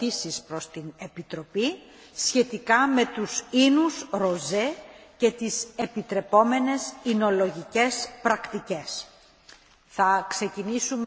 ερωτήσεις προς την Επιτροπή σχετικά με τους ίνους ροζέ και τις επιτρεπόμενες ινολογικές πρακτικές. Θα ξεκινήσουμε